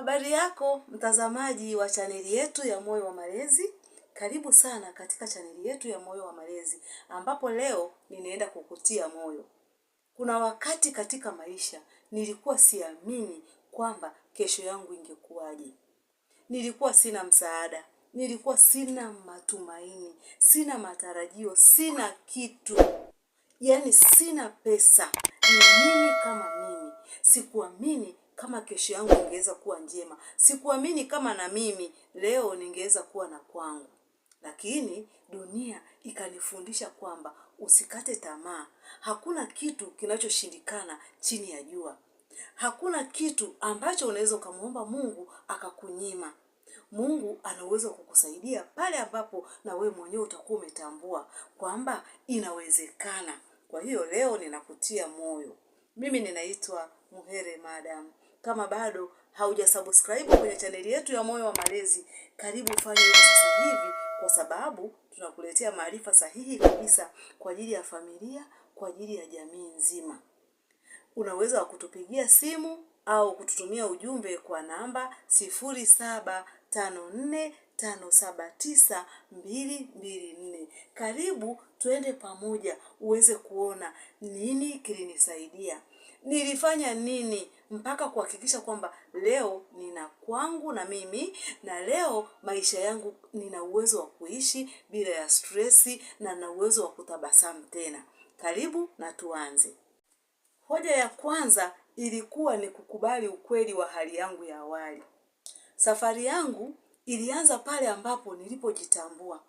Habari yako mtazamaji wa chaneli yetu ya Moyo wa Malezi, karibu sana katika chaneli yetu ya Moyo wa Malezi, ambapo leo ninaenda kukutia moyo. Kuna wakati katika maisha nilikuwa siamini kwamba kesho yangu ingekuwaje. Nilikuwa sina msaada, nilikuwa sina matumaini, sina matarajio, sina kitu, yaani sina pesa. Ni mimi kama mimi, sikuamini kama kesho yangu ingeweza kuwa njema. Sikuamini kama na mimi leo ningeweza kuwa na kwangu, lakini dunia ikanifundisha kwamba usikate tamaa. Hakuna kitu kinachoshindikana chini ya jua. Hakuna kitu ambacho unaweza ukamwomba Mungu akakunyima. Mungu ana uwezo wa kukusaidia pale ambapo na wewe mwenyewe utakuwa umetambua kwamba inawezekana. Kwa hiyo leo ninakutia moyo. Mimi ninaitwa Muhere Madam. Kama bado haujasubscribe kwenye chaneli yetu ya Moyo wa Malezi, karibu ufanye hivyo sasa hivi, kwa sababu tunakuletea maarifa sahihi kabisa kwa ajili ya familia, kwa ajili ya jamii nzima. Unaweza wa kutupigia simu au kututumia ujumbe kwa namba 0754579224. Karibu tuende pamoja uweze kuona nini kilinisaidia, nilifanya nini mpaka kuhakikisha kwamba leo nina kwangu na mimi, na leo maisha yangu nina uwezo wa kuishi bila ya stresi na na uwezo wa kutabasamu tena. Karibu na tuanze. Hoja ya kwanza ilikuwa ni kukubali ukweli wa hali yangu ya awali. Safari yangu ilianza pale ambapo nilipojitambua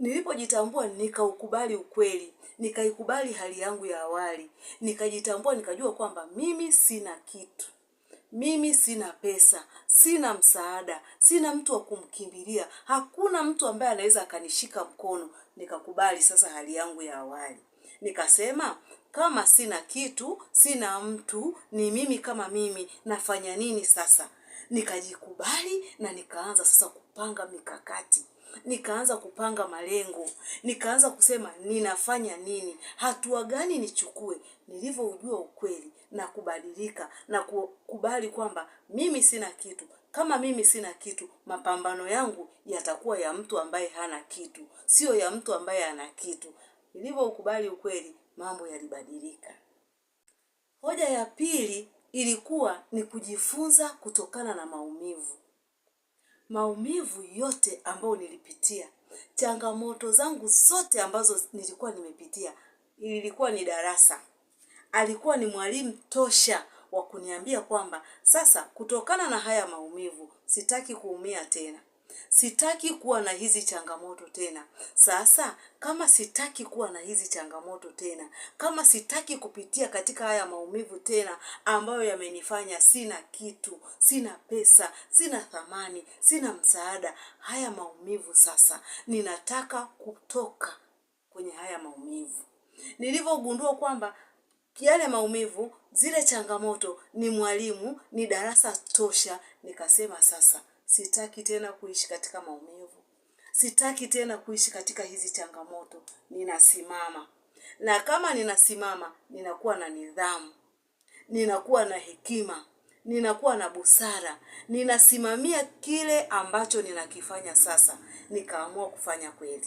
Nilipojitambua nikaukubali ukweli, nikaikubali hali yangu ya awali, nikajitambua, nikajua kwamba mimi sina kitu, mimi sina pesa, sina msaada, sina mtu wa kumkimbilia, hakuna mtu ambaye anaweza akanishika mkono. Nikakubali sasa hali yangu ya awali, nikasema kama sina kitu, sina mtu, ni mimi kama mimi, nafanya nini sasa? Nikajikubali na nikaanza sasa kupanga mikakati nikaanza kupanga malengo, nikaanza kusema ninafanya nini, hatua gani nichukue. Nilivyoujua ukweli na kubadilika na kukubali kwamba mimi sina kitu. Kama mimi sina kitu, mapambano yangu yatakuwa ya mtu ambaye hana kitu, sio ya mtu ambaye ana kitu. Nilivyokubali ukweli, mambo yalibadilika. Hoja ya pili ilikuwa ni kujifunza kutokana na maumivu maumivu yote ambayo nilipitia, changamoto zangu zote ambazo nilikuwa nimepitia, ilikuwa ni darasa. Alikuwa ni mwalimu tosha wa kuniambia kwamba sasa, kutokana na haya maumivu, sitaki kuumia tena sitaki kuwa na hizi changamoto tena. Sasa kama sitaki kuwa na hizi changamoto tena, kama sitaki kupitia katika haya maumivu tena ambayo yamenifanya sina kitu, sina pesa, sina thamani, sina msaada, haya maumivu sasa ninataka kutoka kwenye haya maumivu. Nilivyogundua kwamba yale maumivu, zile changamoto ni mwalimu, ni darasa tosha, nikasema sasa sitaki tena kuishi katika maumivu, sitaki tena kuishi katika hizi changamoto. Ninasimama, na kama ninasimama, ninakuwa na nidhamu, ninakuwa na hekima, ninakuwa na busara, ninasimamia kile ambacho ninakifanya sasa. Nikaamua kufanya kweli,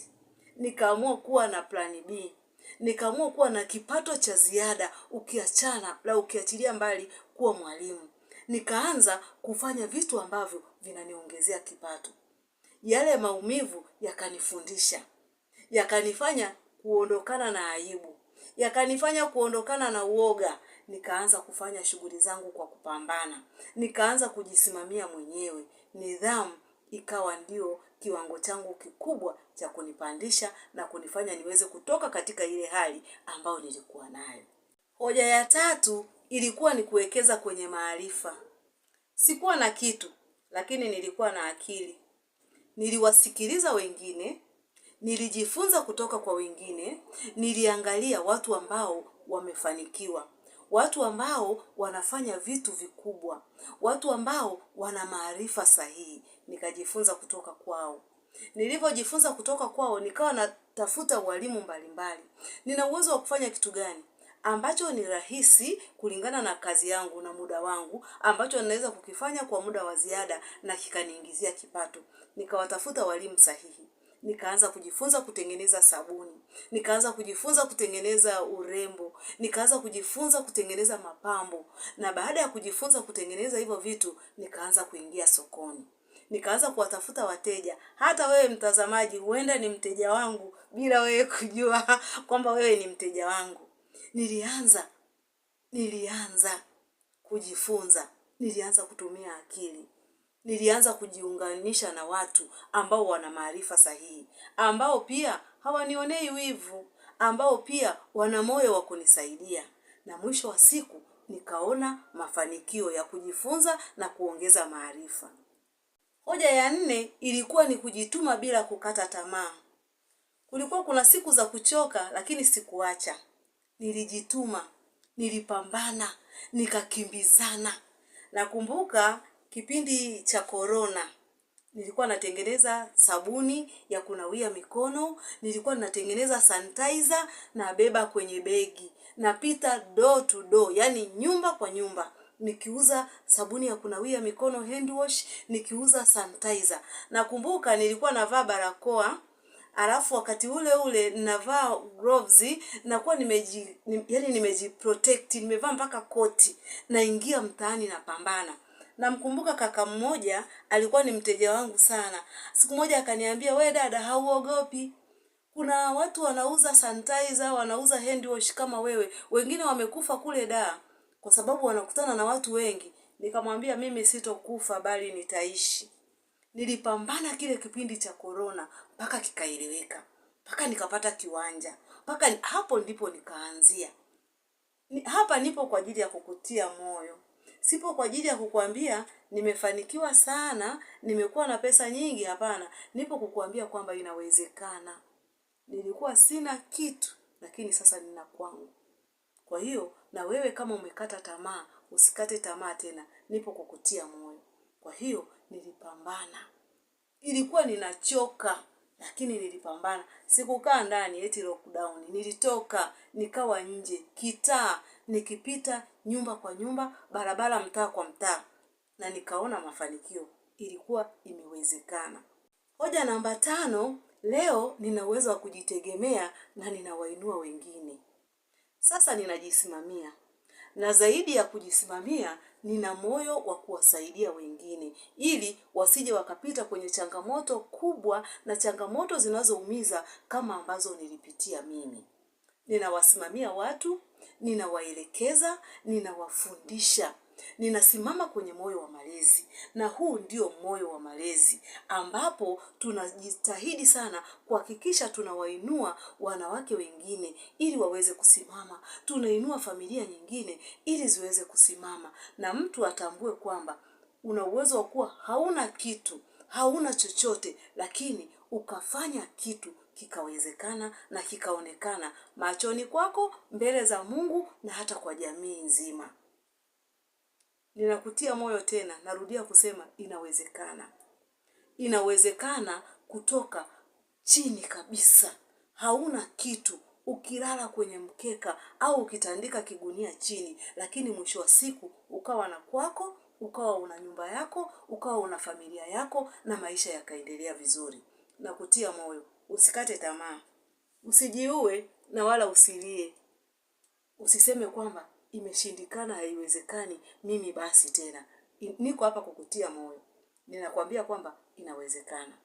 nikaamua kuwa na plani B, nikaamua kuwa na kipato cha ziada, ukiachana la ukiachilia mbali kuwa mwalimu nikaanza kufanya vitu ambavyo vinaniongezea kipato. Yale maumivu yakanifundisha, yakanifanya kuondokana na aibu, yakanifanya kuondokana na uoga. Nikaanza kufanya shughuli zangu kwa kupambana, nikaanza kujisimamia mwenyewe. Nidhamu ikawa ndio kiwango changu kikubwa cha kunipandisha na kunifanya niweze kutoka katika ile hali ambayo nilikuwa nayo. Hoja ya tatu ilikuwa ni kuwekeza kwenye maarifa. Sikuwa na kitu, lakini nilikuwa na akili. Niliwasikiliza wengine, nilijifunza kutoka kwa wengine, niliangalia watu ambao wamefanikiwa, watu ambao wanafanya vitu vikubwa, watu ambao wana maarifa sahihi, nikajifunza kutoka kwao. Nilivyojifunza kutoka kwao, nikawa natafuta walimu mbalimbali, nina uwezo wa kufanya kitu gani? ambacho ni rahisi kulingana na kazi yangu na muda wangu, ambacho ninaweza kukifanya kwa muda wa ziada na kikaniingizia kipato. Nikawatafuta walimu sahihi, nikaanza kujifunza kutengeneza sabuni, nikaanza kujifunza kutengeneza urembo, nikaanza kujifunza kutengeneza mapambo. Na baada ya kujifunza kutengeneza hivyo vitu, nikaanza kuingia sokoni nikaanza kuwatafuta wateja. Hata wewe mtazamaji, huenda ni mteja wangu bila wewe kujua kwamba wewe ni mteja wangu nilianza nilianza kujifunza, nilianza kutumia akili, nilianza kujiunganisha na watu ambao wana maarifa sahihi, ambao pia hawanionei wivu, ambao pia wana moyo wa kunisaidia, na mwisho wa siku nikaona mafanikio ya kujifunza na kuongeza maarifa. Hoja ya nne ilikuwa ni kujituma bila kukata tamaa. Kulikuwa kuna siku za kuchoka, lakini sikuacha nilijituma, nilipambana, nikakimbizana. Nakumbuka kipindi cha korona, nilikuwa natengeneza sabuni ya kunawia mikono, nilikuwa natengeneza sanitizer beba kwenye begi, napita door to door, yani nyumba kwa nyumba nikiuza sabuni ya kunawia mikono hand wash, nikiuza sanitizer. Nakumbuka nilikuwa navaa barakoa alafu wakati ule ule ninavaa gloves, nakuwa nimeji nim, yani nimejiprotect, nimevaa mpaka koti, naingia mtaani napambana. Namkumbuka kaka mmoja alikuwa ni mteja wangu sana. Siku moja akaniambia, we dada, hauogopi? Kuna watu wanauza sanitizer, wanauza hand wash kama wewe, wengine wamekufa kule da, kwa sababu wanakutana na watu wengi. Nikamwambia mimi sitokufa, bali nitaishi nilipambana kile kipindi cha korona mpaka kikaeleweka, mpaka nikapata kiwanja, mpaka hapo ndipo nikaanzia. Ni, hapa nipo kwa ajili ya kukutia moyo, sipo kwa ajili ya kukuambia nimefanikiwa sana, nimekuwa na pesa nyingi. Hapana, nipo kukuambia kwamba inawezekana. Nilikuwa sina kitu, lakini sasa nina kwangu. Kwa hiyo na wewe kama umekata tamaa, usikate tamaa tena, nipo kukutia moyo. Kwa hiyo nilipambana ilikuwa ninachoka lakini nilipambana sikukaa ndani eti lockdown nilitoka nikawa nje kitaa nikipita nyumba kwa nyumba barabara mtaa kwa mtaa na nikaona mafanikio ilikuwa imewezekana hoja namba tano leo nina uwezo wa kujitegemea na ninawainua wengine sasa ninajisimamia na zaidi ya kujisimamia nina moyo wa kuwasaidia wengine, ili wasije wakapita kwenye changamoto kubwa na changamoto zinazoumiza kama ambazo nilipitia mimi. Ninawasimamia watu, ninawaelekeza, ninawafundisha ninasimama kwenye moyo wa malezi, na huu ndio moyo wa malezi ambapo tunajitahidi sana kuhakikisha tunawainua wanawake wengine ili waweze kusimama, tunainua familia nyingine ili ziweze kusimama, na mtu atambue kwamba una uwezo wa kuwa hauna kitu, hauna chochote, lakini ukafanya kitu kikawezekana na kikaonekana machoni kwako, mbele za Mungu na hata kwa jamii nzima. Ninakutia moyo tena, narudia kusema inawezekana. Inawezekana kutoka chini kabisa, hauna kitu, ukilala kwenye mkeka au ukitandika kigunia chini, lakini mwisho wa siku ukawa na kwako, ukawa una nyumba yako, ukawa una familia yako, na maisha yakaendelea vizuri. Na kutia moyo, usikate tamaa, usijiue na wala usilie, usiseme kwamba imeshindikana, haiwezekani, mimi basi tena niko hapa kukutia moyo, ninakwambia kwamba inawezekana.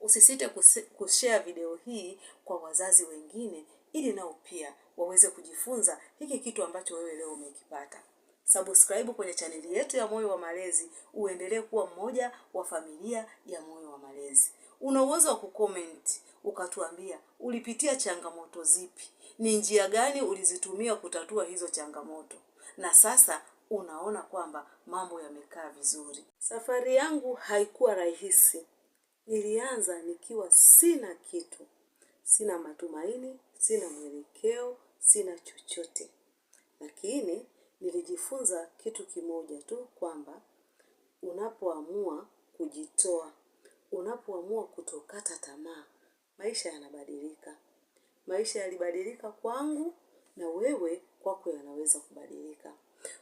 Usisite kushare video hii kwa wazazi wengine, ili nao pia waweze kujifunza hiki kitu ambacho wewe leo umekipata. Subscribe kwenye chaneli yetu ya Moyo wa Malezi, uendelee kuwa mmoja wa familia ya Moyo wa Malezi una uwezo wa kucomment ukatuambia ulipitia changamoto zipi, ni njia gani ulizitumia kutatua hizo changamoto, na sasa unaona kwamba mambo yamekaa vizuri. Safari yangu haikuwa rahisi. Nilianza nikiwa sina kitu, sina matumaini, sina mwelekeo, sina chochote, lakini nilijifunza kitu kimoja tu, kwamba unapoamua kujitoa unapoamua kutokata tamaa, maisha yanabadilika. Maisha yalibadilika kwangu, na wewe kwako yanaweza kubadilika.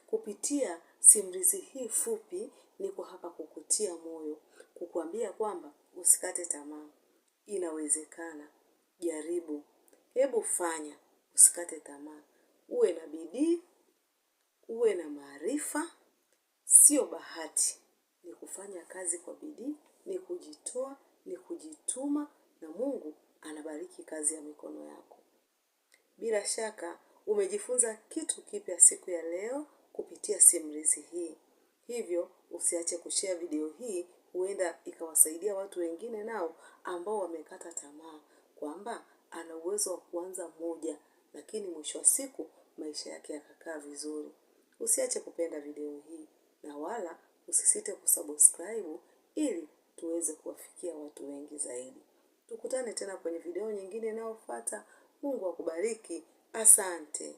Kupitia simulizi hii fupi, niko hapa kukutia moyo, kukuambia kwamba usikate tamaa, inawezekana. Jaribu, hebu fanya, usikate tamaa. Uwe na bidii, uwe na maarifa. Sio bahati, ni kufanya kazi kwa bidii ni kujitoa, ni kujituma, na Mungu anabariki kazi ya mikono yako. Bila shaka umejifunza kitu kipya siku ya leo kupitia simulizi hii, hivyo usiache kushea video hii, huenda ikawasaidia watu wengine nao ambao wamekata tamaa kwamba ana uwezo wa kuanza moja, lakini mwisho wa siku maisha yake yakakaa vizuri. Usiache kupenda video hii na wala usisite kusubscribe ili tuweze kuwafikia watu wengi zaidi. Tukutane tena kwenye video nyingine inayofuata. Mungu akubariki. Asante.